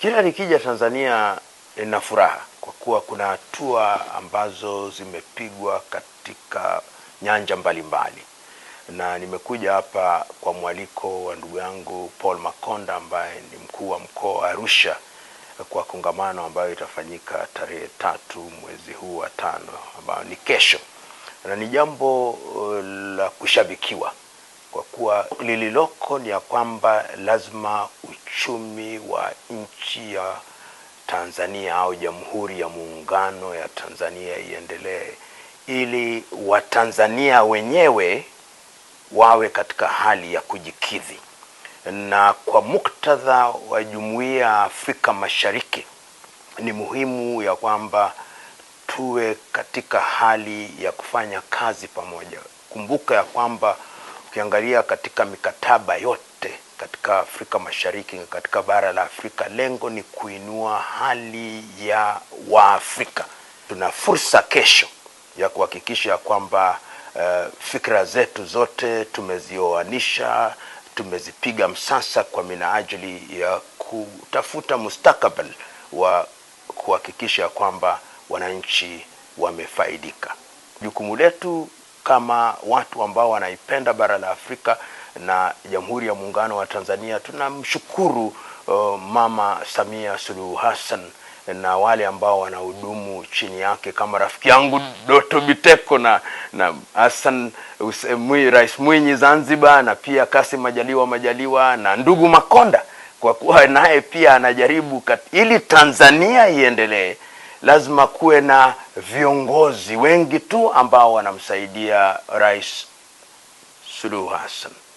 Kila nikija Tanzania nina furaha kwa kuwa kuna hatua ambazo zimepigwa katika nyanja mbalimbali mbali. Na nimekuja hapa kwa mwaliko wa ndugu yangu Paul Makonda ambaye ni mkuu wa mkoa wa Arusha kwa kongamano ambayo itafanyika tarehe tatu mwezi huu wa tano ambayo ni kesho, na ni jambo eh, la kushabikiwa kwa kuwa lililoko ni ya kwamba lazima uchumi wa nchi ya Tanzania au Jamhuri ya Muungano ya Tanzania iendelee ili Watanzania wenyewe wawe katika hali ya kujikidhi. Na kwa muktadha wa Jumuiya ya Afrika Mashariki ni muhimu ya kwamba tuwe katika hali ya kufanya kazi pamoja. Kumbuka ya kwamba Ukiangalia katika mikataba yote katika Afrika Mashariki, katika bara la Afrika, lengo ni kuinua hali ya Waafrika. Tuna fursa kesho ya kuhakikisha kwamba uh, fikra zetu zote tumezioanisha, tumezipiga msasa kwa minajili ya kutafuta mustakabali wa kuhakikisha kwamba wananchi wamefaidika. Jukumu letu kama watu ambao wanaipenda bara la Afrika na Jamhuri ya Muungano wa Tanzania, tunamshukuru uh, Mama Samia Suluhu Hassan na wale ambao wanahudumu chini yake kama rafiki yangu mm. Doto mm. Biteko na na Hassan eh, Mwi, Rais Mwinyi Zanzibar, na pia Kasim Majaliwa Majaliwa na ndugu Makonda, kwa kuwa naye pia anajaribu kat... ili Tanzania iendelee lazima kuwe na viongozi wengi tu ambao wanamsaidia Rais Suluhu Hassan.